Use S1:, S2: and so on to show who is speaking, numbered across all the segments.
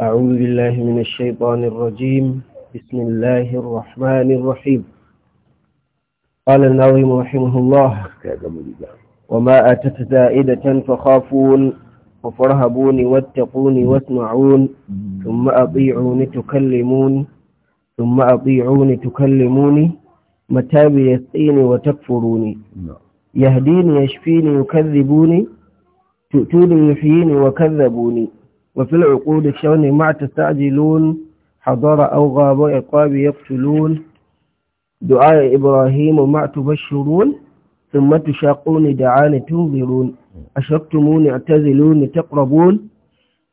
S1: أعوذ بالله من الشيطان الرجيم بسم الله الرحمن الرحيم قال الناظم رحمه الله وما أتت زائدة فخافون وفرهبون واتقون واسمعون ثم أطيعون تكلمون ثم أطيعون تكلموني متى بيسقيني وتكفروني يهديني يشفيني يكذبوني تؤتوني يحييني وكذبوني وفي العقود الشون مع تستعجلون حضارة أو غاب عقاب يقتلون دعاء إبراهيم مع تبشرون ثم تشاقون دعاني تنظرون أشقتمون اعتزلوني تقربون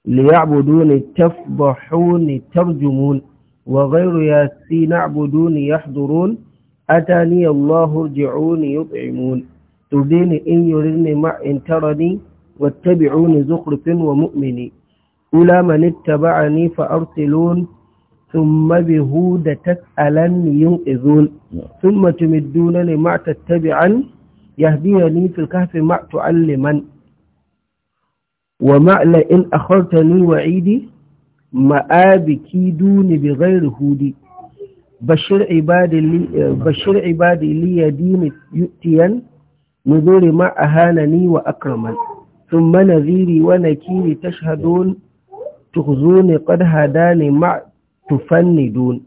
S1: ليعبدوني تفضحوني ترجمون وغير ياسين اعبدوني يحضرون أتاني الله ارجعوني يطعمون ترديني إن يردني مع إن ترني واتبعوني زخرف ومؤمني ula من اتبعني فأرسلون ثم بهود تسألن ينقذون ثم تمدون لما تتبعا يهديني في الكهف ما تعلما وما لئن أخرتني وعيدي مآب دوني بغير هودي بشر عبادي لي بشر عبادي لي دين يؤتيا نذور ما أهانني وأكرما ثم نذيري ونكيري تشهدون تخزوني قد هداني مع تفندون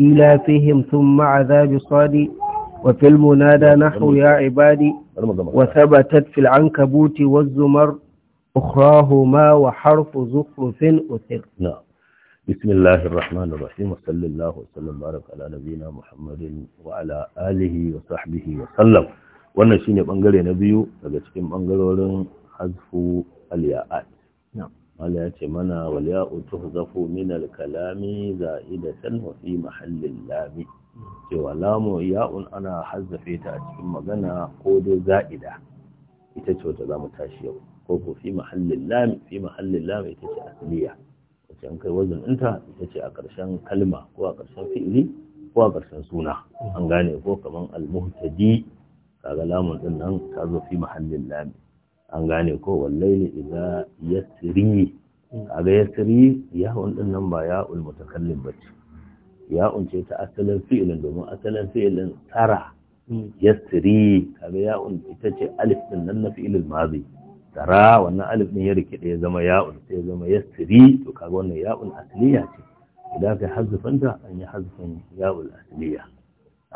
S1: إلى فيهم ثم عذاب صادي وفي المنادى نحو يا عبادي وثبتت في العنكبوت والزمر أخراهما وحرف زخرف أثر
S2: نعم بسم الله الرحمن الرحيم وصلى الله وسلم وبارك على نبينا محمد وعلى آله وصحبه وسلم wannan shine bangare na biyu daga cikin bangarorin wala ya ce mana waliya utu zafu kalami alkalami za'idatan san fi mahallin lami cewa ya ya'un ana hazzafe ta a cikin magana ko dai za'ida ita ce wata zamu tashi yau ko ko fi mahallin lami fi mahallin lami ita ce asliya wacce an kai wajan ɗinta ita ce a ƙarshen kalma ko a ƙarshen fi'ili ko a ƙarshen suna an gane ko kaman almuhtadi kaga lamun din nan ta zo fi mahallin lami an gane ko wallaili A yasri kaga yasri ya'un din nan ba ya'ul mutakallim bace ya'un ce ta asalin fi'ilin domin asalin fi'ilin tara hmm. yasri kaga ya'un ita ce alif din nan na fi'ilin mazi tara wannan alif din ya rikide ya zama ya'un sai ya zama yasri to kaga wannan ya'un asliya ce idan ka hazufanta an yi hazufin ya'un asliya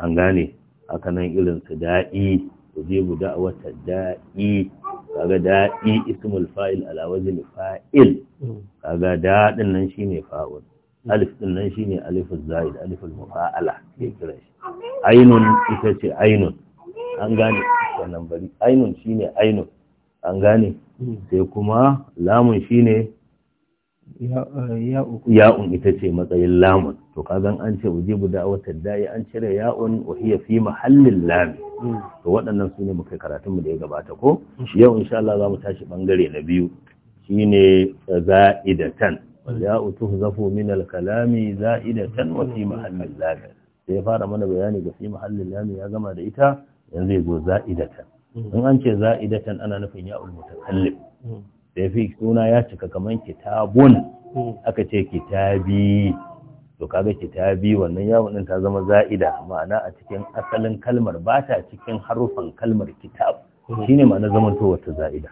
S2: an gane haka nan irin su da'i ku je guda wata da'i kaga da'i ismul fa'il ala wazni fa'il mm. kaga da din nan shine fa'il mm. alif din nan shine alifuz zaid aliful mufa'ala ke kira shi ainun ita ce ainun an gane wannan bari ainun shine ainun an gane mm. sai kuma lamun shine
S1: Eh, ya'un
S2: ita ce matsayin lamun to kazan an ce ujibu watan da'i an cire ya'un wa hiya fi mahallin lami hmm. to waɗannan su ne muka karatun mu da ya gabata ko yau insha Allah za mu tashi bangare na biyu shine za'idatan wal ya'u tuhzafu min al kalami za'idatan wa fi mahallin lami sai ya fara mana bayani ga fi mahallin lami ya gama da ita yanzu ya zo za'idatan hmm. in an ce za'idatan ana nufin ya'ul mutakallim hmm. da fi suna ya cika kamar kitabun hmm. aka ce kitabi to kaga kitabi wannan yawon din ta zama za'ida ma'ana a cikin asalin kalmar ba ta cikin harufan kalmar kitab hmm. shine ma'ana zaman to wata za'ida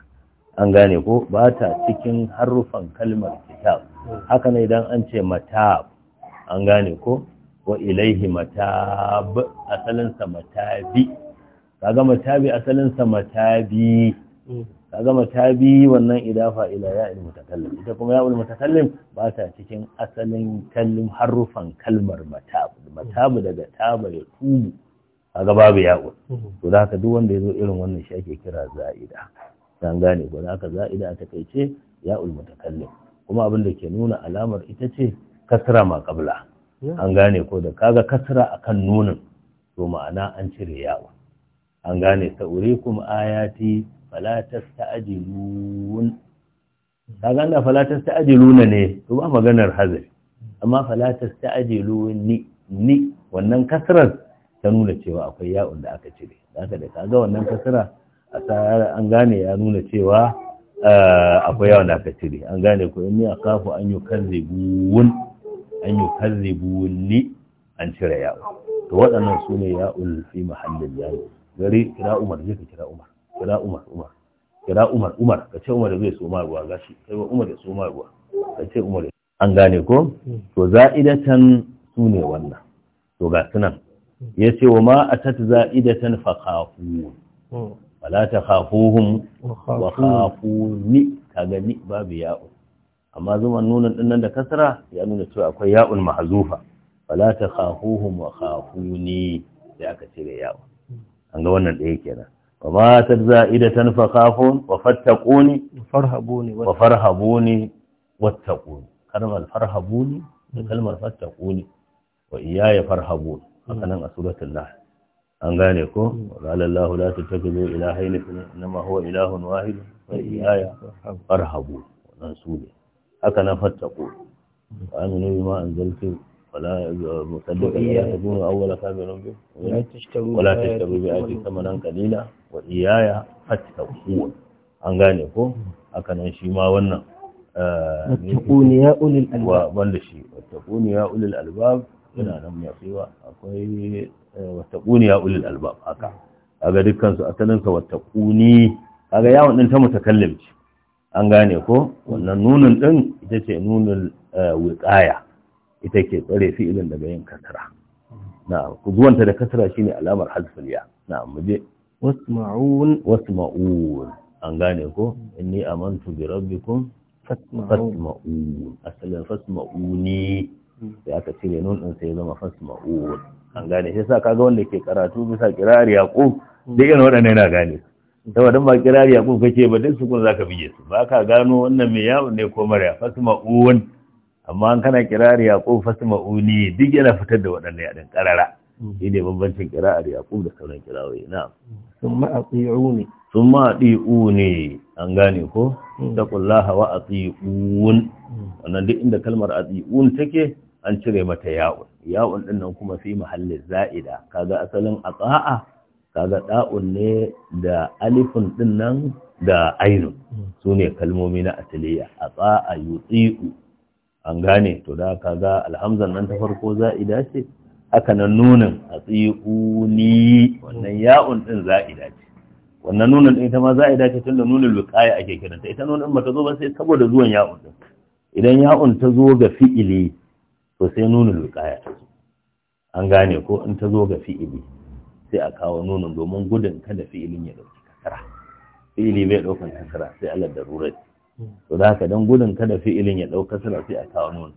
S2: an gane ko ba ta cikin harufan kalmar kitab hmm. haka ne idan an ce matab an gane ko wa ilaihi matab asalin sa matabi kaga matabi asalin sa matabi gama ta bi wannan idafa ila ya'il mutakallim ita kuma ya ya'il mutakallim ba ta cikin asalin kallim harufan kalmar matabu matabu daga taba ya tubu kaga babu ya'u to da haka duk wanda ya zo irin wannan shi ake kira za'ida dan gane ko haka za'ida ta ya ya'ul mutakallim kuma abin da ke nuna alamar ita ce kasra ma qabla an gane ko da kaga kasra akan nunin to ma'ana an cire ya'u an gane sa'urikum ayati fala tasta'jilun kaga Allah ne to ba maganar hazari amma fala tasta'jiluni ni wannan kasrar ta nuna cewa akwai ya'un da aka cire daga da kaga wannan kasra a an gane ya nuna cewa eh, akwai yawon da aka cire an gane ko ni a kafu an yi karzibuwun an yi karzibuwun ni an cire ya'un. to waɗannan su ne ya'ul fi mahallin yawo gari kira umar je ka kira umar kira umar umar kira umar umar ka ce umar da zai so ma ruwa gashi kai wa umar da so ma ruwa ka ce umar an gane ko hmm. to za'idatan su ne wannan to ga sunan hmm. ya ce wa ma atat za'idatan fa khafu hmm. wala ta khafuhum wa khafuni kaga ni babu ya'u amma zuman nunan dinnan da kasra ya nuna cewa akwai ya'un mahzufa wala ta khafuhum wa khafuni sai aka cire ya'u an ga wannan ɗaya kenan وباتت زائدة فخافون وفتقوني وفرهبوني وفرهبوني واتقوني كلمة الفرهبوني كلمة فتقوني وإياي فرهبون هكذا سورة الله أنغانيكم وقال الله لا تتخذوا إلهين إنما هو إله واحد وإياي فرهبون ونسولي هكذا فتقون وآمنوا بما أنزلت ولا مصدق لا تكونوا أول كافر به ولا تشتروا بآياتي ثمنا قليلا wa iyaya fattaqun an gane ko haka nan shi ma wannan eh, wattaquni
S1: ulil albab
S2: wanda shi wattaquni ya ulil albab yana nan mai tsiwa akwai eh, wattaquni ya ulil albab haka kaga dukkansu a asalin sa wattaquni kaga yawon ɗin ta mutakallim ce an gane ko wannan nunin ɗin ita ce nunin eh, wuƙaya. ita ke tsare fi'ilin daga yin kasara. na zuwanta da kasra shine alamar hazfiya na mu je wasma'un wasma'un an gane ko inni amantu bi rabbikum fasma'un asalin fasma'uni hmm. sai aka cire nun din sai zama fasma'un an gane sai sa kaga wanda ke karatu bisa kirari yaqub hmm. duk irin wadannan yana gane hmm. saboda ba kirari yaqub kake ba duk sukun zaka bige su ba ka gano wannan me ya ne ko mara fasma'un amma an kana kirari yaqub fasma'uni duk yana fitar da waɗannan yadin karara Mm. shi ne bambancin kira'ar yaqub da sauran kira'o'i na'am
S1: thumma ati'uni
S2: thumma ne. an gane ko mm. hawa a ati'un mm. wannan duk inda kalmar a ati'un take an cire mata ya'un ya'un din nan kuma fi mahallin za'ida kaga asalin Ka kaga da'un ne da alifin din nan da ainun ne kalmomi na asaliya ata'a yuti'u an gane to da kaga alhamzan nan ta farko za'ida ce aka nan nunin a tsi'uni wannan ya'un ɗin za'ida ce wannan nunin din ita ma za'ida ce tun da nunin luqaya ake kiranta ita nunin ba ta zo ba sai saboda zuwan ya'un ɗin idan ya'un ta zo ga fi'ili to sai nunin luqaya ta zo an gane ko in ta zo ga fi'ili sai a kawo nunin domin gudun kada fi'ilin ya ɗauki kasara fi'ili bai ɗaukan kasara sai Allah da rurai to da haka don gudun kada fi'ilin ya dauki kasara sai a kawo nunin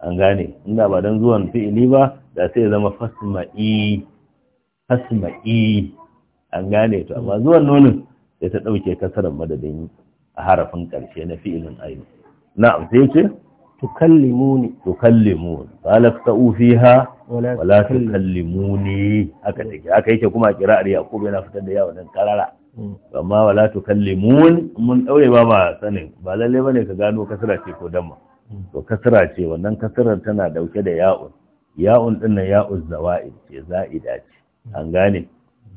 S2: an gane inda ba don zuwan fi'ili ba da sai zama fasma'i fasma'i an gane to amma zuwan nonin sai ta ɗauke kasarar madadin a harafin ƙarshe na fi'ilin aini na'am sai ce tukallimuni tukallimuni qala fa'u fiha wala tukallimuni haka take haka yake kuma kira'ar kobe na fitar da yawa dan karara mm. amma wala tukallimuni mun daure ba ma sanin ba lalle bane ka gano kasara ce ko damma to kasra ce wannan kasrar tana dauke da ya'un ya'un din nan ya'uz zawa'id ce za'ida ce an gane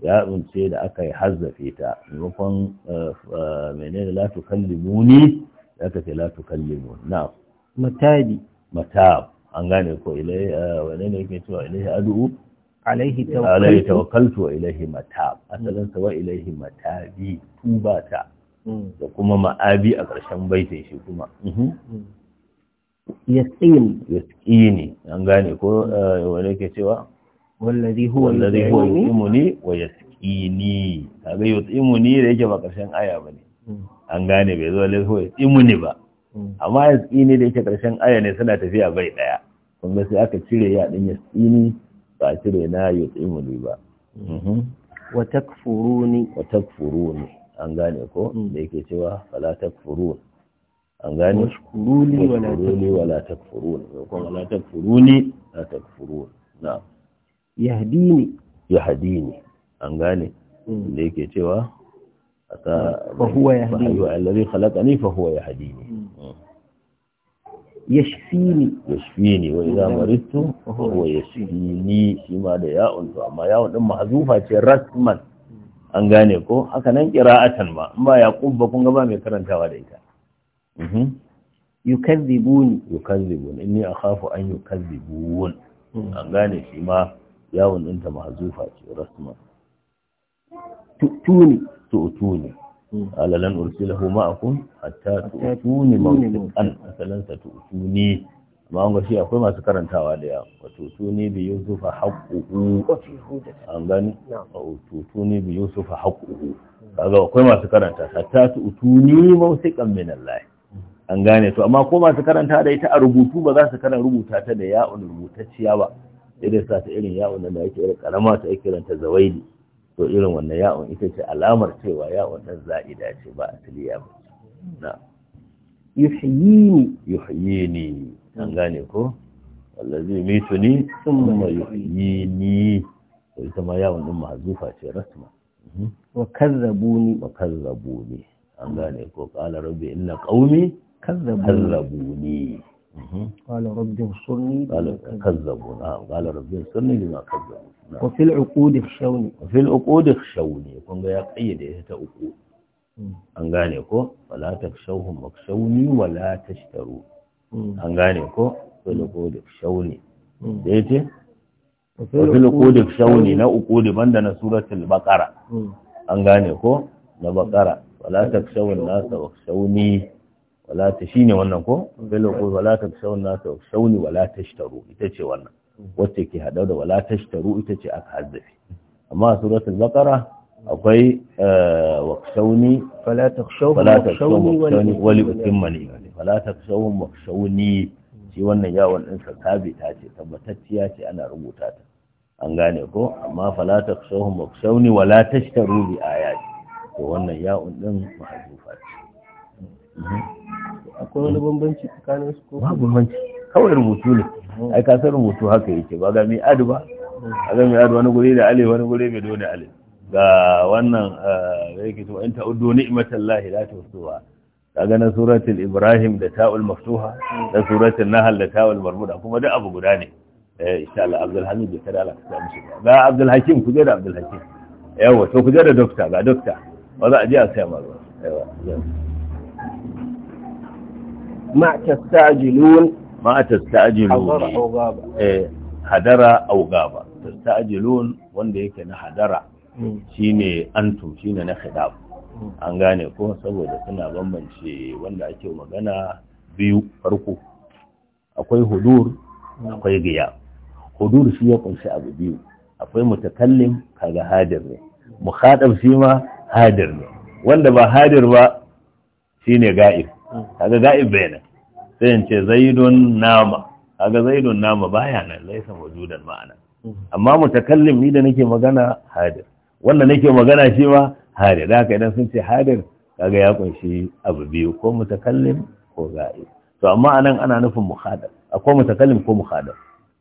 S2: ya'un ce da aka yi hazzafe ta maimakon eh, eh, menene la tukallimuni da aka ce la tukallimun na'am
S1: matabi
S2: matab an gane ko ilai eh, wane ne yake cewa ilai adu'u
S1: alaihi tawakkaltu
S2: wa ilaihi matab asalin sa wa ilaihi matabi tubata mm. da kuma ma'abi a ƙarshen baitin shi kuma mm-hmm. Mm-hmm. Mm.
S1: yasqin yasqini
S2: an gane ko eh, wani ke cewa
S1: wallazi huwa wallazi huwa yusimuni wa yasqini
S2: kaga yusimuni da yake ba karshen aya bane hmm. an gane bai zo wallazi huwa yusimuni ba hmm. amma yasqini da yake karshen aya ne suna tafiya bai daya kuma sai aka cire ya din yasqini ba cire na yusimuni ba hmm. mhm. wa takfuruni wa takfuruni an gane ko da yake cewa fala takfuruni an gane wala takfurun na
S1: yahdini
S2: yahdini an mm. da yake cewa aka mm. Mm. wa shi ma da ya'un to amma ya'un din ce rasman an gane ko haka nan kira'atan ma in ba ya ba kun gaba mai karantawa da ita Mhm. yukazzibuni yukazzibun inni akhafu an yukazzibun hmm. an gane shi ma yawon ɗinta mahzufa ce rasma
S1: tuni hmm. tu'tuni
S2: قال لن أرسله hatta حتى تؤتوني asalan sa tuni amma an gashi akwai masu karantawa da ya wa tutuni bi yusufa haqquhu an gani wa tutuni bi yusufa haqquhu kaga akwai masu karanta hatta tutuni mawsiqan min Allah an gane to amma ko masu karanta da ita a rubutu ba za su karan rubuta ta da ya'un rubutacciya ba sai sa ta irin ya'un da yake irin karama ta yake ran ta zawaidi to irin wannan ya'un ita ce alamar cewa ya'un dan za'ida ce ba asliya ba na
S1: yuhyini
S2: yuhyini an hmm. gane ko wallazi mituni thumma yuhyini to ita ma ya'un din mahzufa ce rasma mhm. wa kazzabuni wa kazzabuni an gane ko qala rabbi inna
S1: qaumi كذبوني قال ربي انصرني
S2: كذبوا نعم قال ربي انصرني لما كذبوا
S1: نعم. وفي العقود اخشوني وفي العقود اخشوني
S2: يكون غير قيد هي إيه عقود ان غاني كو ولا تخشوهم واخشوني ولا تشتروا ان غاني كو في العقود اخشوني ديتي
S1: وفي العقود اخشوني لا
S2: عقود بند سوره البقره ان غاني كو البقره ولا تخشوا الناس واخشوني wala ta shine wannan ko bil uqul wala takshawna takshawni wala shtaru ita ce wannan wacce ke hada da wala shtaru ita ce aka haddace amma a suratul baqara akwai eh, waqshawni
S1: walata takshawni walata takshawni wali utimmani
S2: wala wa waqshawni shi wannan yawon din ta ce tabbatacciya ce ana rubuta ta an gane ko amma fala wa wakshawni wala tashtaru bi ayati to wannan ya'un din mahzufa ce mhm.
S1: akwai wani bambanci tsakanin su ko babu bambanci
S2: kawai rubutu ne ai ka san rubutu haka yake ba ga mai adu ba A ga mai adu wani guri da alif wani guri mai dole alif ga wannan eh, da yake to in ta'uddu ni'matallahi la tuhsuha kaga na suratul ibrahim da ta'ul maftuha da suratul nahl da ta'ul marmuda kuma duk abu guda ne eh insha Allah Abdul Hamid bai kada Allah ta mishi ga Abdul Hakim ku je da Abdul Hakim yawa to ku je da doctor ga doctor ba za a je a sai ma yawa ma tastajilun eh hadara aw gaba tastajilun wanda yake na hadara shine antu shine na khidab an gane ko saboda suna bambance wanda ake magana biyu farko akwai hudur akwai giya hudur shi ya kunshi abu biyu akwai mutakallim kaga hadir ne mukhadab shi ma hadir ne wanda ba hadir ba shine ga'ib kaga ga'ib bayana. sai in ce zaidun nama kaga zaidun nama baya nan laisa mawjudan ma'ana amma mutakallim ni da nake magana hadir wanda nake magana shi ma hadir da haka idan sun ce hadir kaga ya kunshi abu biyu ko mutakallim ko ga'ib to amma anan ana nufin muhadab akwai mutakallim ko muhadab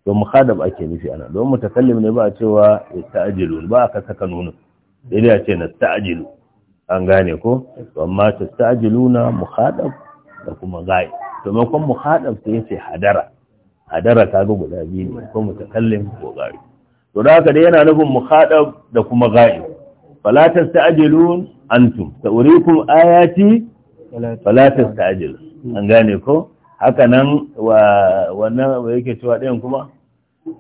S2: to muhadab ake nufi ana don mutakallim ne ba a cewa ta'jilu ba aka saka nunin sai dai a ce ta'jilu an gane ko amma ta'jiluna muhadab da kuma gai domin kuma muhadaf su yace hadara hadara ka ga guda biyu ne ko mutakallim ko gai to da haka dai yana nufin mu muhadaf da kuma gai fala tasta'jilun antum ta'urikum ayati fala tastajil an gane ko haka nan wa wannan yake cewa ɗayan kuma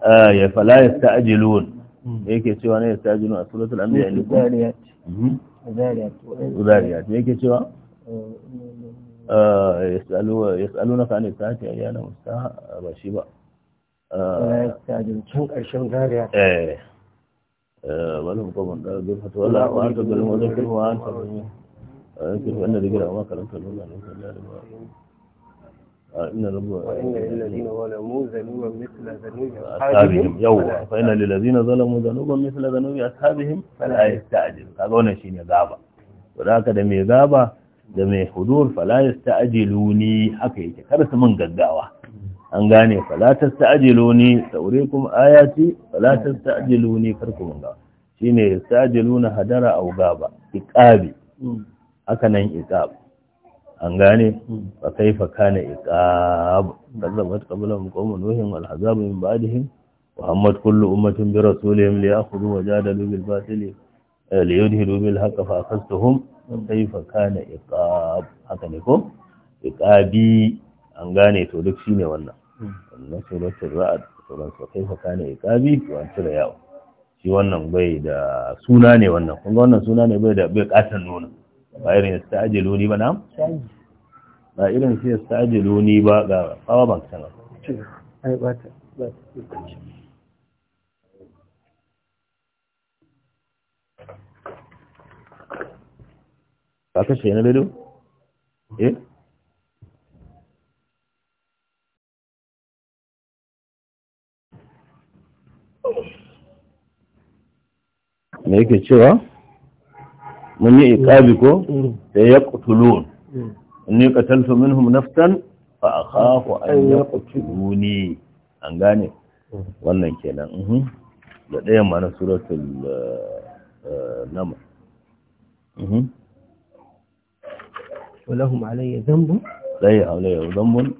S2: eh, ya fala tastajilun yake cewa ne tastajilun a suratul anbiya ne
S1: mhm. zariyat zariyat
S2: yake cewa
S1: eh,
S2: yas'alunaka an sa'ati ayyana mustaha ba shi ba
S1: can ƙarshen zariya
S2: eh balum qaban da bi fatwa la wa anta bil mudhakir wa anta ذكر وأن ذكر وما كلمت الأولى ليس إلا ربا إن ربا وإن للذين
S1: ظلموا ذنوبا مثل ذنوب أصحابهم يوم فإن
S2: للذين ظلموا ذنوبا مثل ذنوب أصحابهم
S1: فلا يستعجل هذا هو شيء غابة
S2: وذاك دم غابة da mai hudur fala yasta'jiluni haka yake kar su min gaggawa an gane fala tasta'jiluni saurikum ayati fala tasta'jiluni kar ku min gaggawa shine yasta'jiluna hadara a gaba iqabi haka nan iqab an gane fa kaifa kana iqab kazzabat qablahum qawmun nuhin wal hazabu min ba'dihim muhammad kullu ummatin bi rasulihim li ya'khudhu wa jadalu bil batili eh, li yudhiru bil haqqi fa akhadhtuhum kaifa kana iqab haka ne ko iqabi an gane to duk shine wannan wannan suratul ra'd sauran su kaifa kana iqabi to an cire yawo shi wannan bai da suna ne wannan kun ga wannan suna ne bai da bai katan nuna ba irin sta'jiluni ba na ba irin sai sta'jiluni ba ga
S1: power ban sanar ai ba ta ba ta
S2: ba kashe na lalo eh
S1: me yake cewa mun yi iqabi ko mm.
S2: da yaqtulun mm. inni qataltu minhum naftan? fa akhafu an yaqtuluni an gane mm. wannan kenan mhm. da ɗaya ma na suratul eh, eh,
S1: ولهم علي ذنب
S2: لي علي ذنب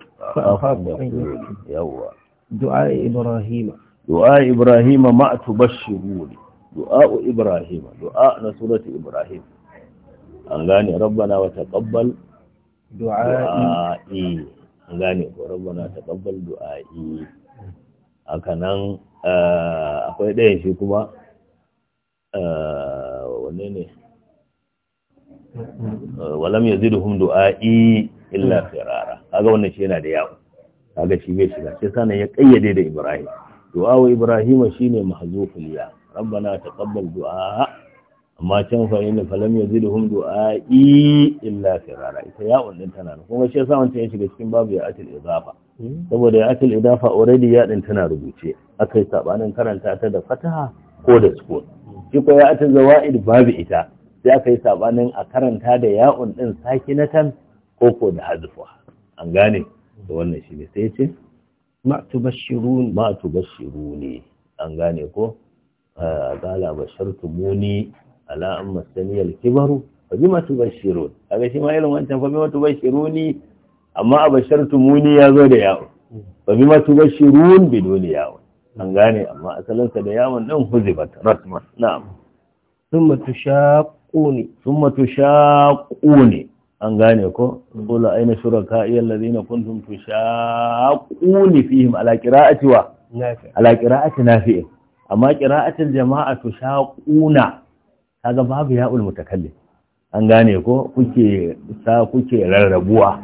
S2: يوا
S1: دعاء إبراهيم
S2: دعاء إبراهيم ما تبشرون دعاء إبراهيم دعاء رسولة إبراهيم أنغاني ربنا وتقبل
S1: دعائي
S2: أنغاني ربنا وتقبل دعائي أكنان akwai ɗayan shi kuma wane ne Eh, walam yazidhum du'a'i illa hmm. firara kaga wannan shi yana da yawo kaga shi bai shiga sai sanan ya kayyade da Ibrahim du'a wa Ibrahim shine mahzuful ya rabbana taqabbal du'a amma can fa inna falam yazidhum du'a illa firara ita yawon din tana kuma shi yasa wancan ya shiga cikin babu ya atil idafa hmm. saboda ya atil idafa already ya din tana rubuce akai sabanin karanta ta da fataha ko da sukun hmm. shi ko ya atil zawaid babu ita za ka yi sabanin a karanta da ya'un ɗin Saki na Tan ko da hazufa an gane da wannan shi ne sai ce ma'atu bashiru ne an gane ko ah, qala bashartumuni ala amma saniyal kibaru fa bima A kaga shi ma irin wancan fa bashiru ne amma a muni ya zo da ya'un fa bima bi doni ya'un an gane amma asalinsa da yawon ɗin huzibat ratman na'am
S1: sun matu تشقوني ثم تشاقوني
S2: an gane ko kula aina shuraka iyal ladina kuntum tushaquni fihim ala qira'ati wa ala qira'ati nafi amma qira'atul jama'a tushaquna kaga babu ya'ul mutakallim an gane ko kuke sa kuke rarrabuwa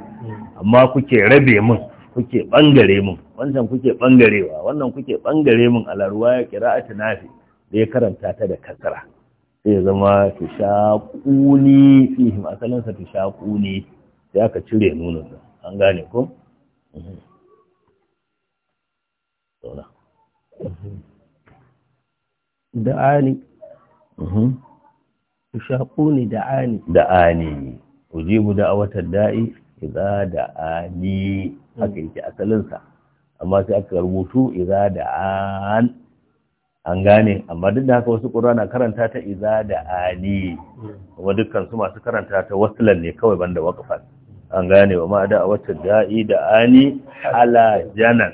S2: amma kuke rabe mun kuke bangare mun wannan kuke bangarewa wannan kuke bangare mun ala ruwaya qira'ati nafi da ya karanta ta da kasara sai zama tushaquni fihim ta sha tushaquni sai aka cire nunun an gane ko
S1: da'ani mhm. tushaquni da'ani da'ani
S2: ujibu watan da'i idza da'ani haka mm. yake asalinsa amma sai aka rubutu idza da'an an gane amma duk da haka wasu ƙurana karanta ta iza da ani kuma dukkan su masu karanta ta wasilan ne kawai banda waƙafan an gane wa ma da a wata da'i da ani ala janan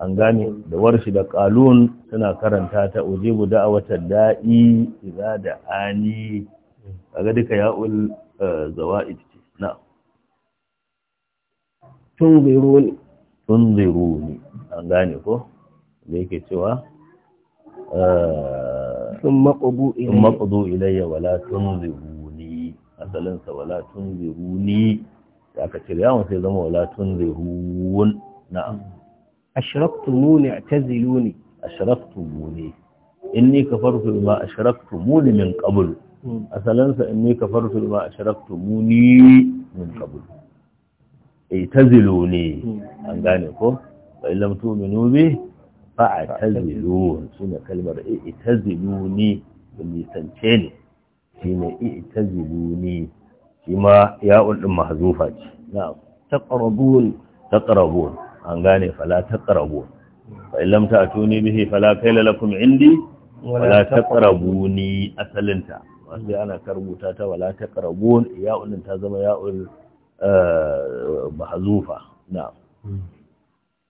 S2: an gane da warshi da kalun suna karanta ta ujibu da a wata da'i iza da ani kaga duka ya'ul eh, zawa'id ce na
S1: tunziruni
S2: tunziruni an gane ko da yake cewa آه، ثم
S1: قضوا إلي ثم
S2: قضوا إلي ولا تنذروني مثلا ولا تنذروني يا كثير يا من سيدهم ولا تنذرون نعم أشركتموني اعتزلوني أشركتموني إني كفرت بما أشركتموني من قبل مثلا إني كفرت بما أشركتموني من قبل اعتزلوني أنقاني فو فإن لم تؤمنوا به فاعتزلون شنا كلمة اعتزلوني اللي تنتيني شنا اعتزلوني شما يا أولم مهزوفة نعم تقربون تقربون أنغاني فلا تقربون فإن لم تأتوني به فلا كيل لكم عندي ولا تقربوني أسلنتا وأنت أنا كربوتاتا ولا تقربون يا أولم تازم يا آه، نعم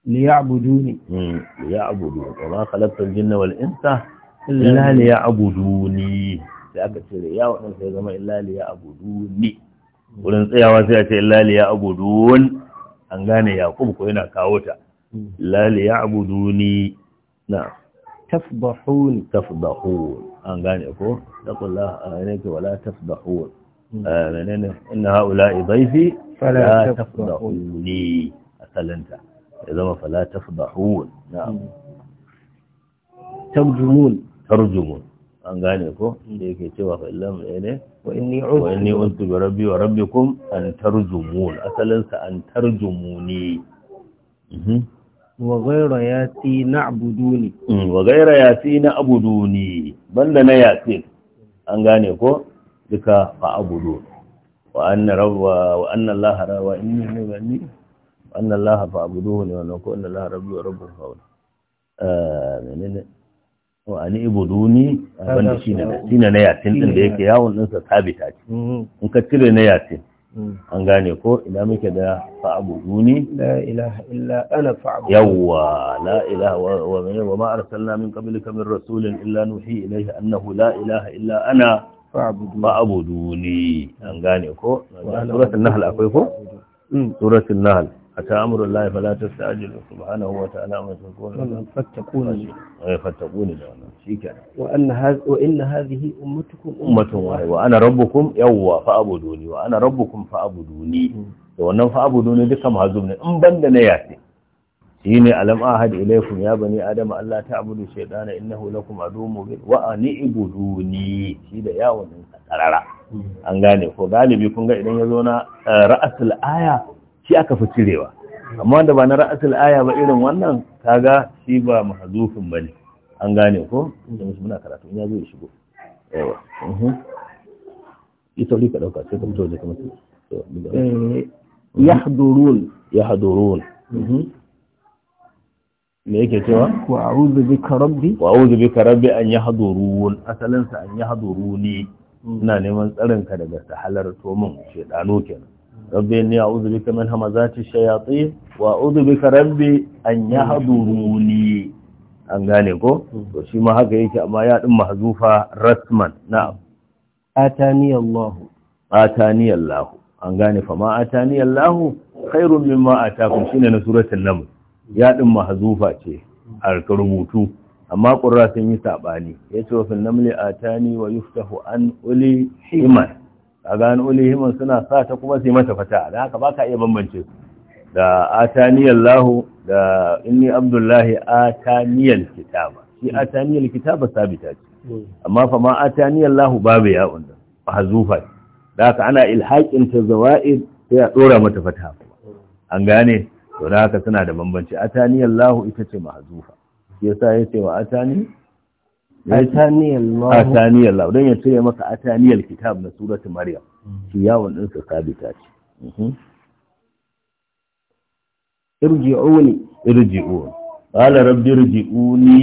S2: ليعبدوني ليعبدوني وما خلقت الجن والإنس إلا ليعبدوني لأكتر يا وحنس يا زمان إلا ليعبدوني ولن يا وسيأتي إلا ليعبدون أنغاني يا قبك وإنا كاوتا لا ليعبدوني نعم تفضحون تفضحون ان غاني أقول لقل لا أهنك ولا تفضحون إن هؤلاء ضيفي فلا تفضحوني أسلنتا ya zama fala tafdahun na'am hmm.
S1: tarjumun tarjumun
S2: an gane ko hmm. da yake cewa fa illam ne wa inni wa inni untu bi rabbi wa rabbikum an tarjumun asalin sa an tarjumuni
S1: mhm. wa ghayra yati na'buduni
S2: hmm, wa ghayra yati na'buduni banda na yati an gane ko duka fa abudu wa anna rabba wa anna allaha rawa inni anna laha fa abuduhu ne wannan ko anna laha rabbi wa rabbi fa eh menene wa an ibuduni wanda shine da shine na yasin din da yake yawon din sa sabita ce mm-hmm. in ka cire na yasin mm. an gane ko ina muke da fa abuduni la
S1: ilaha illa
S2: ana fa abudu yawa la ilaha wa wa ma arsalna min qablika min rasulin illa nuhi ilayhi annahu la ilaha illa ana fa'abudu ni an gane ko suratul nahl akwai ko mm. suratul nahl أتى أمر الله فلا تستعجلوا سبحانه وتعالى ما تكون فاتقوني فاتقوني لأنا شيكا
S1: وأن, هذ وإن هذه أمتكم أمة واحدة وأنا
S2: ربكم يوا فأبدوني وأنا ربكم فأبدوني وأنا فأبدوني دي كم هزمني إن بند نياتي شيني ألم أعهد إليكم يا بني آدم ألا تعبدوا الشيطان إنه لكم عدو مبين وأن اعبدوني شيدا يا ونن أنغاني فغالبي كنغا إذن يزونا رأس الآية shi aka fi cirewa amma wanda ba na ra'asul aya ba irin wannan kaga shi ba mahzufin bane an gane ko inda musu muna karatu ya zo ya shigo yawa mhm. ita ka dauka sai ka mutu da kuma eh, mhm. yahdurun yahdurun mhm. me yake cewa
S1: wa a'udhu bika
S2: rabbi wa a'udhu bika rabbi an yahdurun asalin sa an yahduruni mm. ina neman tsarin ka daga sahalar to mun shedano kenan rabbi inni a'udhu bika min hamazati shayatin wa a'udhu bika rabbi an yahduruni an gane ko to shi ma haka yake amma ya din mahzufa rasman na'am
S1: atani Allah
S2: atani Allahu. an gane fa ma atani Allah khairun mimma atakum shine na suratul naml ya din mahzufa ce a rubutu amma qurra sun yi sabani yace wa fil namli atani wa yuftahu an uli himan a an ulihimin suna sa ta kuma sai mata fata da haka baka iya bambance su da Lahu da inni abdullahi ataniyar kitaba shi ataniyar kitaba sabita ce amma fa ma Lahu babu ya wannan ce. da haka ana ilhaqin ta zawaid sai a dora mata fata an gane to da haka suna da bambanci Lahu ita ce mahzufa yasa yace wa atani
S1: ataniyar
S2: lau don ya cire maka ataniyar kitab na suratu maryam mm-hmm. su yawon ɗinsa sabita ce mm-hmm. irji'uni irji'uni ƙala rabbi irji'uni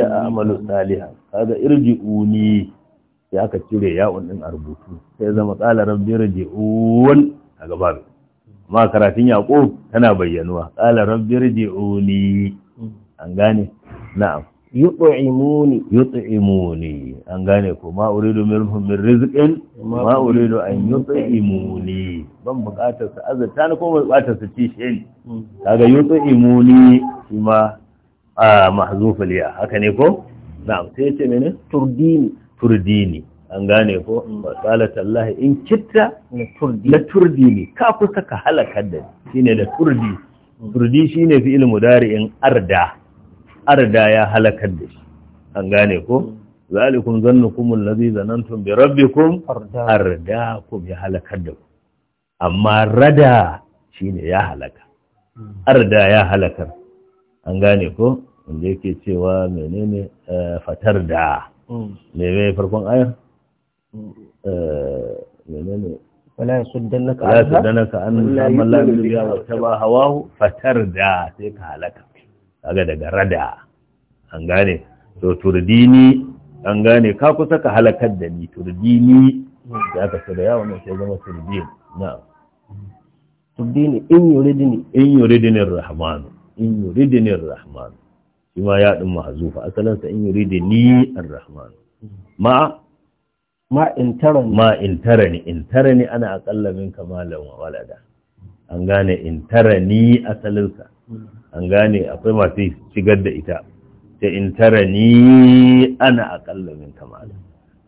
S2: a a'malu salihan kaga irji'uni ya aka cire yawon ɗin a rubutu sai zama ƙala rabbi irji'un a babu amma karatun Yaƙo tana bayyanuwa ƙala rabbi irji'uni mm-hmm. an gane na'am yut'imuni yut'imuni an gane ko ma uridu minhum min rizqin ma uridu an yut'imuni ban bukatar sa azata ni ko bukatar sa ci shi kaga yut'imuni shi ma a mahzuf liya haka ne ko na'am sai yace mene turdini turdini an gane ko qala tallahi in kitta la turdini ka kusa ka halaka da shine da turdi turdi shine fi'il mudari'in arda arda ya halakar da shi an gane ko zalikum zannukum allazi zanantum bi rabbikum
S1: ardakum
S2: ya halakar da ku amma rada shine ya halaka hmm. arda ya halakar an gane ko wanda yake cewa menene eh, fatar da mai hmm. farkon ayar hmm. eh, menene
S1: wala yasuddannaka an la yu'minu billahi wa tabahawahu
S2: fatar da sai ka halaka kaga daga rada an gane to turdini an gane ka kusa ka halakar da ni turdini da aka ce da yawon sai zama turdini na'am turdini in yuridini in yuridini rahman in yuridini rahman shi ma ya din mahzufa asalin sa in yuridini arrahman ma ma in tarani ma in tarani in tarani ana aqalla minka malan walada an gane in tarani asalin sa hmm. an gane akwai masu shigar da ita ta in tara ni ana aƙalla min kamala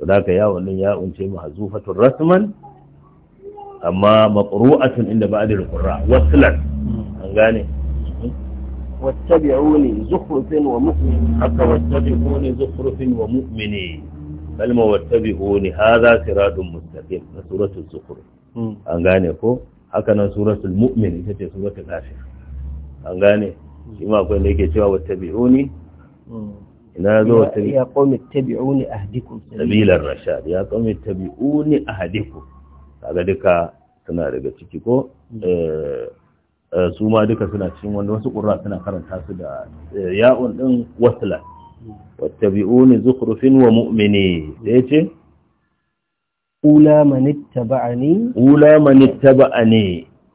S2: to da ka yawon nan ya unce mu hazufatun rasman amma maqru'atun inda ba'dil qurra waslan an gane
S1: wattabi'uni zukhrufin wa mu'min haka wattabi'uni zukhrufin wa mu'min.
S2: mu'mini kalma wattabi'uni hadha siratun mustaqim na suratul zukhruf hmm. an gane ko haka nan suratul mu'min ita ce suratul kafir an gane shi ma akwai da yake cewa tabi'uni ina zo wattabi ya
S1: qawmi tabi'uni ahdikum sabilar
S2: rashad ya qawmi tabi'uni ahdikum kaga duka suna daga ciki ko mm. eh, eh, su ma duka suna cikin wanda wasu qurra suna karanta su da eh, ya'un din wasla mm. tabi'uni zukhrufin wa mu'mini mm. da yace
S1: ula man ittaba'ani
S2: ula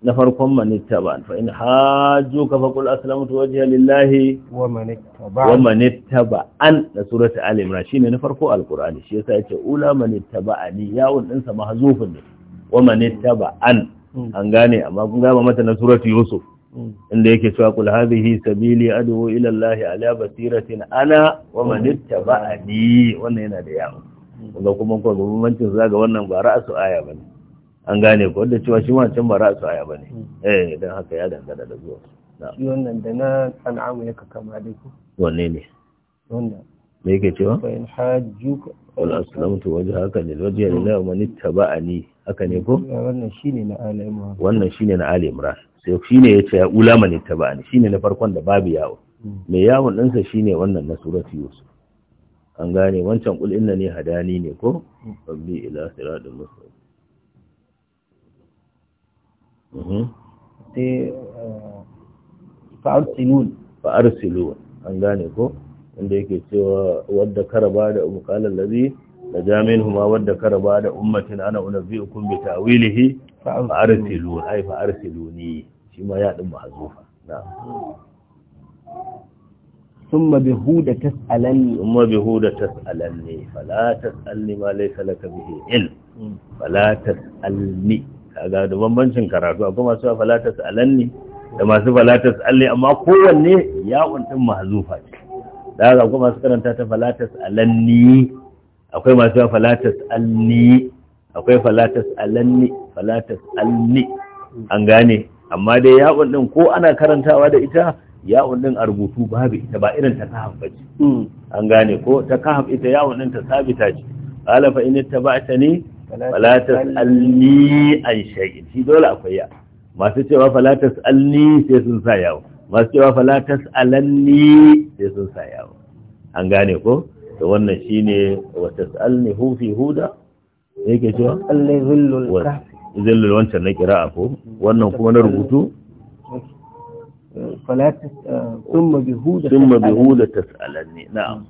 S2: na farkon manitta ba fa in
S1: hajju ka fa qul aslamtu
S2: lillahi wa manitta ba an da surata shi shine na farko alqur'ani shi yasa yace ula manitta ba ali yawun din sa ne wa manitta ba an hmm. an gane amma kun gama mata na suratu yusuf hmm. inda yake cewa kul hadhihi sabili ad'u ila allahi ala basiratin ana wa manitta hmm. ba ali wannan yana da yawo kuma kuma ko bambancin zaga wannan ba ra'su aya bane an gane ko da cewa shi wancan ba ra'asu aya bane hmm. eh dan haka ya dangana da zuwa
S1: shi wannan da na an'amu ka kama da ku. wanne ne wannan
S2: me yake cewa fa in
S1: hajjuka wal
S2: aslamtu wajhaka lil wajhi lillahi wa man ittaba'ani haka ne ko wannan
S1: shine na ali imran
S2: wannan shine na ali imran sai shine yace ya ulama ne taba'ani shine na farkon da babu yawo hmm. me yawon sa shine wannan na surati yusuf an gane wancan kul inna ne hadani ne ko hmm. rabbi ila siratul mustaqim Mhm.
S1: sai eh, fa'arsilun
S2: fa'arsilun an gane ko inda yake cewa wadda karaba da muqalal lazi da jami'in huma wadda karaba da ummatin ana unabbiukum bi ta'wilihi fa'arsilun ai fa'arsiluni shi ma ya din mahzufa na'am
S1: ثم بهودة تسألني ثم
S2: بهودة تسألني فلا تسألني ما ليس لك به علم فلا تسألني ga da bambancin karatu akwai masu falatas alanni da masu falatas alli amma kowanne yawon kuntun mahzufa ce da ga kuma masu karanta ta falatas alanni akwai masu falatas alni akwai falatas alanni falatas alni. an gane amma dai yawon kuntun ko ana karantawa da ita yawon kuntun a rubutu babu ita ba irin ta kahaf ba ce hmm. an gane ko ta kahaf ita yawon kuntun ta sabita ce qala fa in ittaba'tani Falatas alni an shay'in shi dole akwai ya masu cewa falatas alni sai sun sa yawo masu cewa falatas alanni sai sun sa yawo an gane ko to wannan shine
S1: wa tasalni hu fi huda yake cewa alli zillul kafi
S2: zillul wancan na a ko wannan kuma na rubutu
S1: fala thumma bi huda thumma bi huda
S2: tasalanni na'am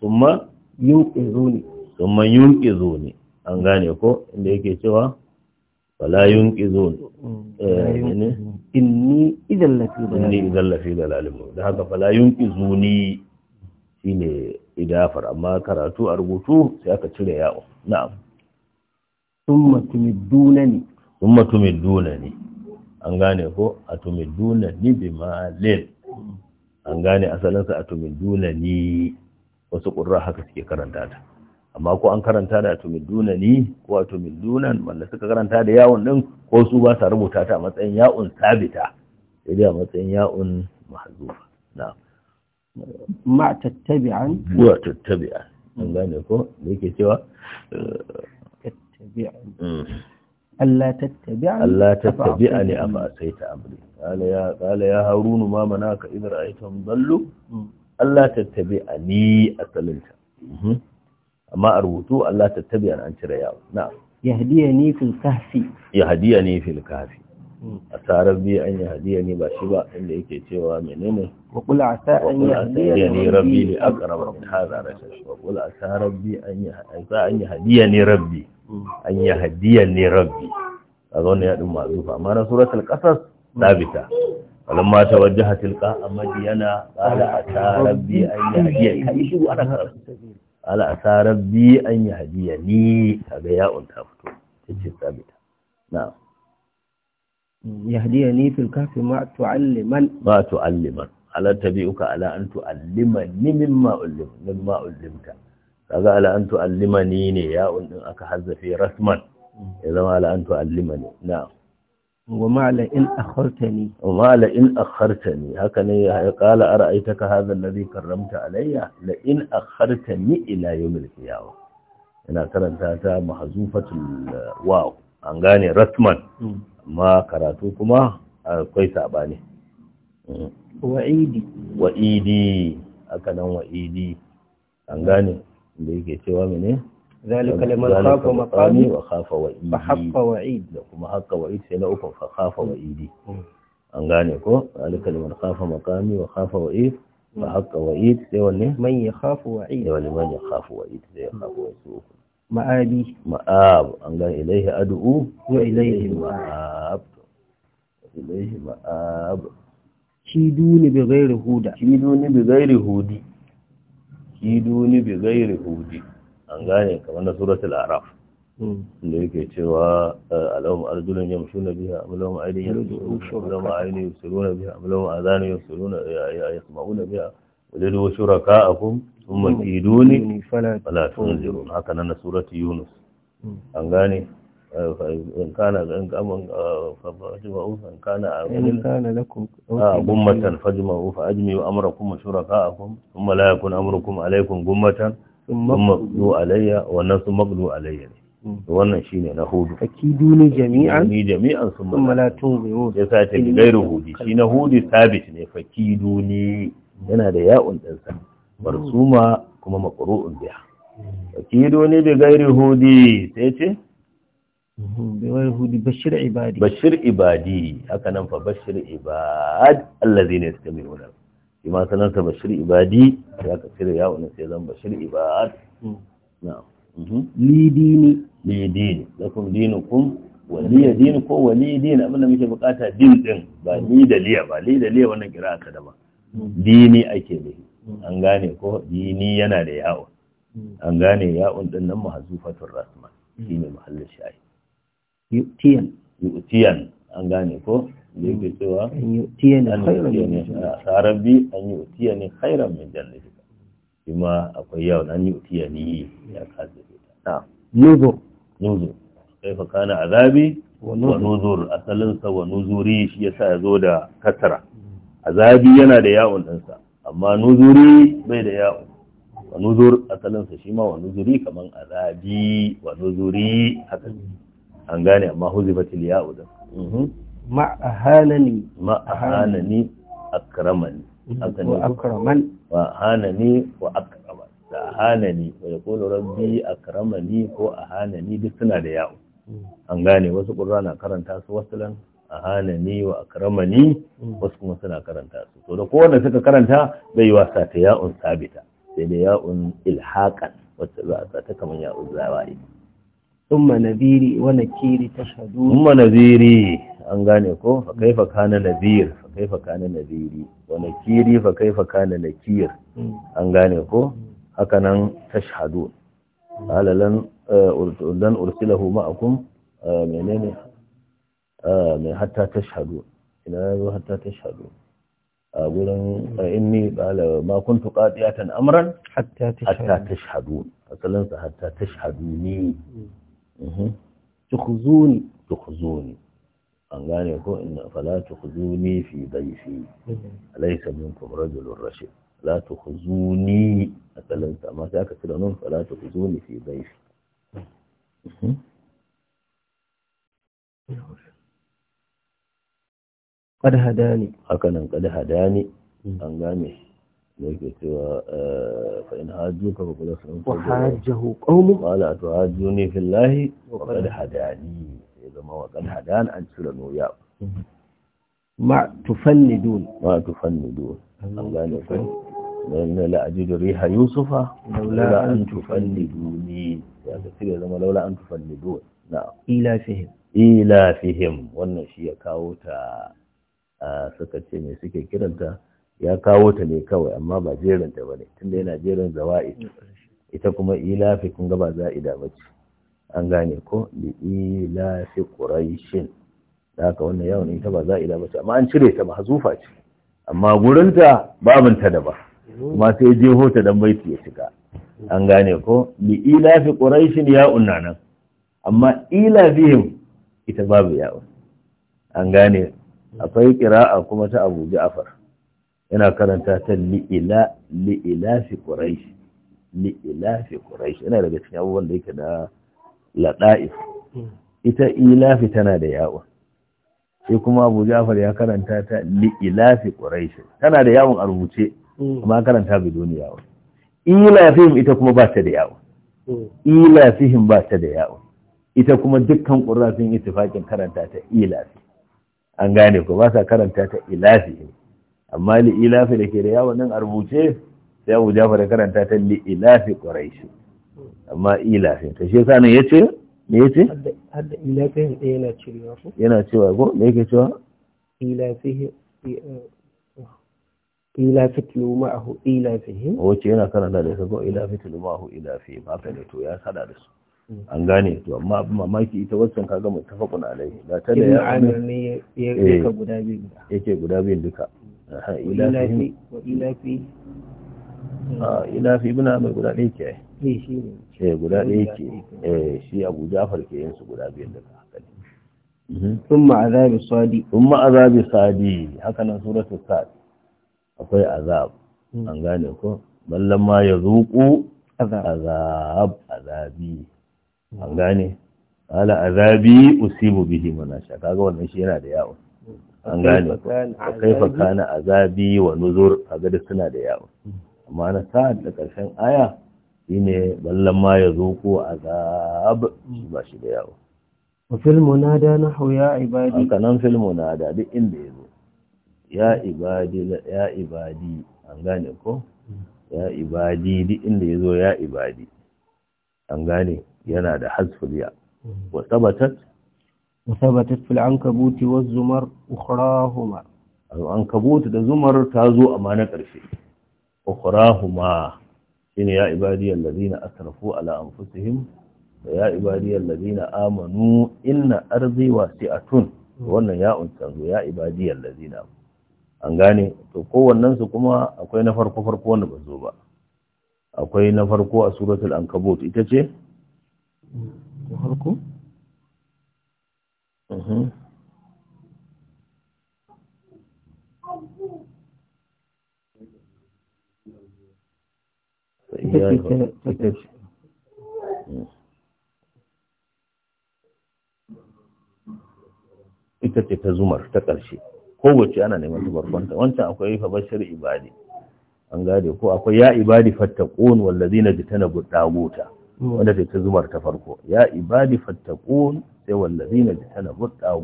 S2: thumma yunqizuni thumma yunqizuni an gane ko inda yake cewa wala mm, eh, yunqizun
S1: inni idan lafi da inni idan
S2: lafi da lalimu da haka fala yunqizuni shine idafar amma karatu a rubutu sai aka cire yawo na'am
S1: thumma tumidunani
S2: thumma tumidunani an gane ko atumidunani bima lil an gane asalinsa atumidunani wasu qurra haka suke karanta ta amma ko an karanta da atumiduna ni ko dunan wanda suka karanta da yawon din ko su ba sa rubuta ta a matsayin ya'un sabita sai a matsayin ya'un mahzufa
S1: na ma tattabi'an wa
S2: tattabi'a? an
S1: gane ko da yake cewa eh, tattabi'an mm. Allah tattabi'a Allah a amma
S2: sai ta amri qala ya qala ya harunu ma manaka idra aitum dallu mm. Allah a asalinta mhm. ما أربطوا الله تتبعي أن أنت رياض نعم
S1: يهديني في الكهف
S2: يهديني في الكهف أتعرف بي أن يهديني باشبا إن ليك يتوى منيني
S1: وقل عسى أن يهديني ربي لأقرب
S2: من هذا رشاش وقل عسى ربي أن يهديني ربي أن يهديني ربي أظن يا أم أذوفا معنا سورة القصص ثابتة ولما توجه تلقاء مدينة قال أتى ربي أن يهديني كيف ala asa rabbi an yi hadiya ni kaga ya'un ta fito tace sabita na'am
S1: yahdiyani fil kafi ma tu'alliman
S2: ma tu'alliman ala tabi'uka ala an tu'allimani mimma ullim mimma ullimta kaga ala an tu'allimani ne ya'un din aka hazzafe rasman ya zama ala an tu'allimani na'am
S1: wa ma'ala in
S2: akhartani haka ne ya kala ara'aitaka hadha alladhi karramta alayya la in akhartani ila yawmil ina karanta ta mahzufatul uh, waw an gane ratman hmm. amma karatu kuma akwai sabani hmm.
S1: wa'idi
S2: wa'idi haka nan wa'idi an gane da yake cewa mene
S1: ذلك لمن خاف مقامي
S2: وخاف وعيدي
S1: فحق وعيد da kuma
S2: haqqa wa'id sai na uku fa wa'idi an gane ko zalika liman wa khafa wa'id fa haqqa wa'id sai wanne man yakhafu wa'id sai man yakhafu wa'id sai yakhafu wa'id ma'abi ma'ab an gane ilaihi ad'u wa ilaihi ma'ab ilaihi ma'ab
S1: shi duni shi duni bi hudi
S2: shi duni bi hudi an gane kamar na suratul araf hmm. da yake cewa eh, alawun arjulun ya mushuna biya amalawun ainihin ya mushuna ainihin yusuruna biya amalawun azanin yusuruna ya yasma'una biya wajen wa shuraka akum sun makiduni hmm.
S1: fala tunzirun
S2: haka nan na suratu yunus hmm. an gane eh, in kana in kama kaman eh, fajma'u in kana a ganin kana
S1: a ah, gummatan
S2: fajma'u fa ajmi'u amrakum shuraka akum thumma la layakun amrukum alaikun gummatan
S1: sun
S2: alayya wannan sun magnu alayya ne mm. wannan shine na hudu
S1: akidu ne jami'an
S2: ni jami'an sun malatun zuwa ya sa ta gairu hudi shi na hudi sabit ne fakidu ne yana da ya'un din sa mm. marsuma kuma maqru'un biha mm. fakidu ne bi gairu hudi sai ce
S1: mm-hmm. bashir
S2: ibadi bashir ibadi haka nan fa bashir ibad allazina yastamiluna ima ma sanarta bashir ibadi ya ka cire ya wani sai zan bashir ibad na'am
S1: mhm. li dini
S2: li dini lakum dinukum ya dini ko wali dini abin da muke bukata din din ba ni da liya ba li da liya wannan kira aka dama.
S1: Mm. dini
S2: ake ne mm. an gane ko dini yana da yawo mm. an gane yawon din nan mahzufatul rasman shine mahallin shayi yutiyan yutiyan an gane ko da yake cewa an yi utiya ne khairan min jannatika kuma akwai yawon an yi utiya ne ya kaza ta
S1: nuzur nuzur
S2: kaifa kana azabi wa nuzur asalinsa wa nuzuri shi yasa ya zo da kasara azabi yana da yawon ɗansa amma nuzuri bai da yawon wa nuzur asalinsa shi ma wa nuzuri kaman azabi wa nuzuri haka an gane amma huzifatil ya'u da ma'ahanani ma'ahanani akramani akraman wa hanani wa akraman da hanani wa yaqulu rabbi akramani ko ahanani duk suna da yawo mm. an gane wasu qur'ana karanta su wasalan ahanani wa akramani mm. wasu kuma suna karanta su to da kowanne
S1: suka karanta
S2: bai wasa ta ya'un sabita sai da ya'un ilhaqan wacce za a sa ta kaman ya'un zawai
S1: ثم نذيري ونكيري تشهدون ثم
S2: نذيري an gane ko fa kaifa kana nadhir fa kaifa kana nadhiri wa nakiri fa kaifa kana nakir an gane ko haka nan tashhadun qala lan urdan ursilahu ma'akum menene mai hatta tashhadun ina zo hatta tashhadun a gurin inni qala ma kuntu qati'atan amran hatta tashhadun asalan sa hatta tashhaduni Mhm. Tukuzuni, tukuzuni, an gane ko inna fala tukuzuni fi dayfi mhm. alaysa minkum rajulun rashid la tukuzuni, a ta amma sai aka cire nun fala tukuzuni fi dayfi mhm. qad hadani haka nan qad hadani an gane آه، فإن هاجوك فقل أسلم وحاجه قوم قال أتهاجوني في الله وقد هداني إذا ما وقد هدان أن سلم وياب ما تفندون ما تفندون الله لأن لا أجد ريح يوسف لولا أن تفندوني يا كثير إذا لولا أن تفندون نعم إلى فهم إلى فهم وأن شيء آه، سكي كرنتا ya kawo ta ne kawai amma ba jerin ta bane tunda yana jerin zawa'i ita kuma ilafi kun ga ba za za'ida bace an gane ko li ilafi quraishin da haka wannan yawon ita ba za za'ida bace amma an cire ta mahzufa ce amma gurinta babin ta da ba kuma sai je hota dan baiti ya shiga an gane ko li ilafi quraishin ya'un nan amma ilafihim ita babu ya'un an gane akwai kira'a kuma ta Abu Ja'far yana karanta ta li'ila li'ila fi quraish li'ila fi quraish yana daga cikin abubuwan da yake da ladais ita fi tana da yawa. sai kuma abu jafar ya karanta ta li'ilafi quraish tana da yawon a rubuce amma karanta bidon ila fihim ita kuma ba ta da ila fihim ba ta da yawa. ita kuma dukkan qurrafin ittifaqin karanta ta ilafi an gane ko ba sa karanta ta ilafi amma li'ilafi da ke da yawon nan a rubuce sai abu da karanta ta li'ilafi quraish amma ilafi to shi sanin ne ya ce?
S1: hadda ilafi yana cewa yana
S2: cewa ko ne yake cewa
S1: ilafi ila eh, ahu ilafi ila fihi oh, wace yana karanta da sako ilafi fitlu ahu ilafi ma ba ka ne
S2: to ya sada da su an gane to amma abin mamaki ita waccan kaga mutafaqun alaihi da ta da ya ne ya eh. yake guda guda biyu duka fi muna ah, mai guda ɗaya ke
S1: eh, eh guda ɗaya ke eh,
S2: shi abu jafar ke yin su guda biyar daga hankali sun mhm. ma'azabi sadi sun ma'azabi sadi haka nan suratul sadi akwai azab hmm. an gane ko ballan ma ya zuku azab azabi an hmm. gane ala azabi usibu bihi mana sha kaga wannan shi yana da yawon an gane wa
S1: kaifa kana
S2: azabi wa nuzur a duk suna da yawa mm. amma na sa'ad da karshen aya shine ballan ma ya zo ko azab mm. ba shi da yawa
S1: wa fil munada nahwu ya ibadi
S2: haka nan fil munada duk inda ya zo ya ibadi ya ibadi an gane ko mm. ya ibadi duk inda ya zo ya ibadi an gane yana da hasfuliya wa tabatat
S1: وثبتت في العنكبوت والزمر اخراهما
S2: العنكبوت ده زمر تازو امانه قرشه اخراهما ان يا عبادي الذين اسرفوا على انفسهم يا عبادي الذين امنوا ان ارضي واسعه wannan ya unta zo ya ibadi lazina an gane to kowannensu kuma akwai na farko farko wanda ba zo ba akwai na farko a suratul ankabot ita ce? ko Mm-hmm. ita ce ta zumar ta ƙarshe kowace ana neman ta barkonta wancan akwai fa bashir ibadi an gade ko akwai ya ibadi fatta fattaqun wallazina jitanabu daguta wanda ta ta zubar ta farko ya ibadi fattaqun sai wallazina jitana buta?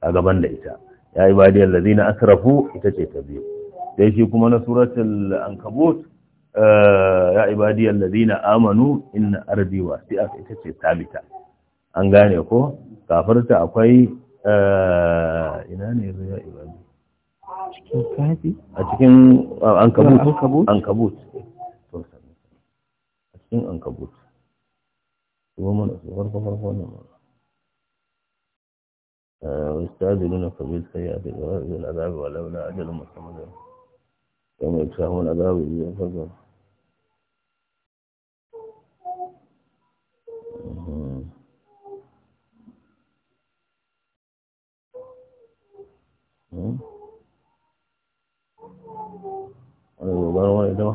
S2: a gaban da ita ya ibadi allazina asrafu ita ce ta biyu sai shi kuma na suratul ankabut eh, ya ibadi allazina amanu inna ardi wasi'a ita ce sabita an gane ko kafirta akwai eh, ina ne ya ibadi
S1: cikin kafi
S2: a cikin eh, ankabut ankabut in an kabut kuma mana su farko farko ne mana ويستعجلون فبالسيئات ويؤذي العذاب ولولا أجل مسمى يوم يكشفون العذاب ينفذون
S1: أيوة بارو ما يدوه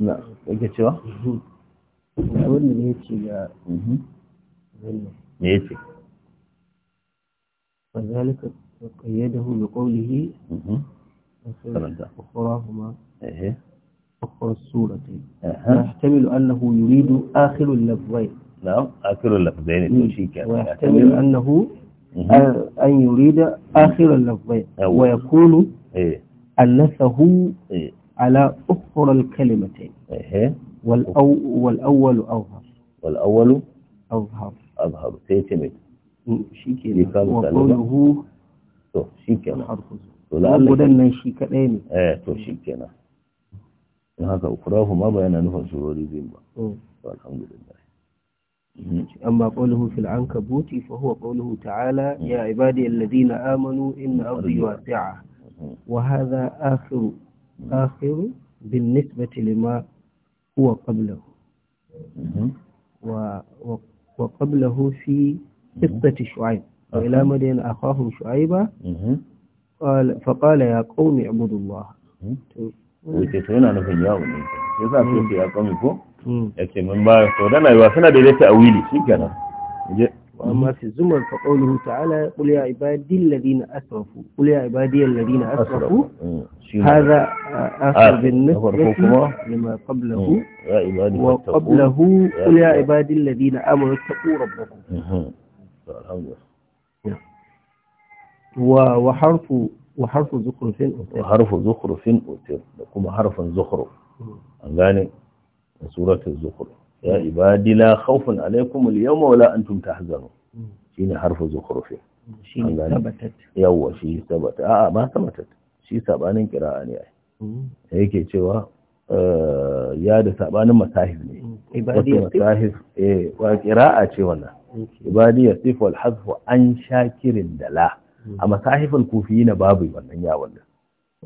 S1: na فذلك قيده بقوله أخراهما إيه. أخر السورة ويحتمل أنه يريد آخر اللفظين
S2: نعم آخر اللفظين ويحتمل
S1: أنه أن يريد آخر اللفظين ويكون إيه. أنثه إيه. على أخر الكلمتين إيه. والأو والأول أظهر والأول أظهر أظهر سيتمت
S2: shi ke nan wakonuhu to shi ke nan gudan nan
S1: shi kaɗai ne
S2: eh to shi ke nan
S1: أما قوله في العنكبوت فهو قوله تعالى يا عبادي الذين آمنوا إن أرضي واسعة وهذا آخر akhiru bin nisbati lima huwa qablahu wa wa qablahu fi qissati shu'aib wa ila madyan akhahum shu'aiba qala fa qala ya qaumi ibudullah
S2: wace to yana nufin yawo ne yasa sai ya qaumi ko yace mun ba to dana yawa suna da dai ta awili shikenan
S1: وأما في الزمر فقوله تعالى قل يا عبادي الذين أسرفوا قل يا عبادي الذين أسرفوا هذا آخر بالنسبة لما قبله وقبله قل يا عبادي الذين أمروا اتقوا ربكم نعم. وحرف وحرف وحرف فين أتر
S2: وحرف فين أتر كما حرف زخرف أن سورة الزخرف ya ibadi la khawfun alaikum al-yawma wala antum tahzanun shine harfu zukhrufi shine sabatat yawa shi sabata a'a ba sabatat shi sabanin qira'a ne ai mm. yake cewa eh, ya da sabanin masahif ne mm. ibadi masahif eh wa qira'a ce wannan ibadi yasif wal hadf an shakirin dala mm. a masahifin kufi na babu wannan ya wannan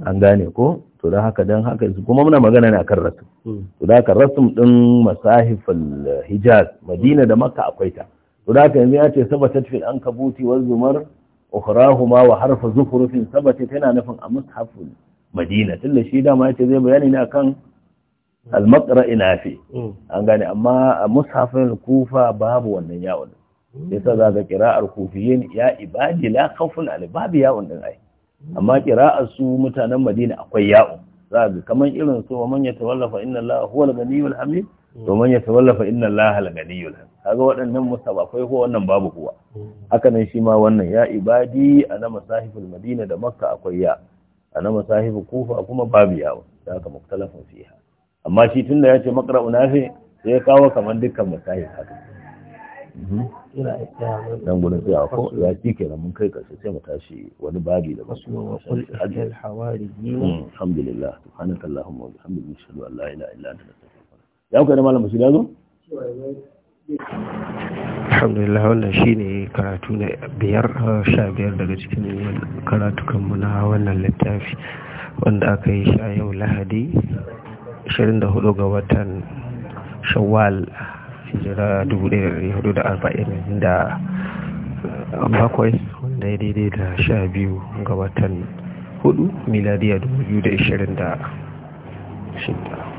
S2: an gane ko to don haka don haka kuma muna magana ne akan rasu. Hmm. to da haka rasu din masahifal hijaz madina da makka akwai ta to da haka yanzu ya ce sabatat an kabuti wa zumar ukhrahuma wa harfa saba ce tana nufin a mushaful madina tunda shi dama yace zai bayani ne kan hmm. al maqra inafi hmm. an gane amma a mushafin kufa babu wannan yawon sa za ga kira'ar kufiyin ya ibadila la khawfun yawon din ai amma kira'ar su mutanen madina akwai ya'u za ga kamar irin su wa manya tawallafa inna allaha huwal hami hamid manya man inna allaha al ganiyul hamid kaga waɗannan musaba akwai ko wannan babu kuwa haka nan shi ma wannan ya ibadi ana masahifin madina da makka akwai ya ana masahifu kufa kuma babu ya haka muktalafin fiha amma shi tunda ya ce maqra'u nafi sai ya kawo kamar dukkan masahif haka Mhm. dan gudun tsayawa ko ya ci ke mun kai karshe sai mu tashi wani babi da basu wa wasu
S1: mm,
S2: alhamdulillah subhanaka allahumma wa bihamdika ashhadu an la ilaha illa anta astaghfiruka
S1: ya kuka da malam bashi da zo alhamdulillah wannan shine karatu na biyar ah, sha biyar daga cikin karatukanmu na wannan littafi wanda aka yi shi a yau lahadi 24 ga watan shawwal hijira 1440 da bakwai wanda ya daidai da sha biyu ga watan hudu miladiya 2026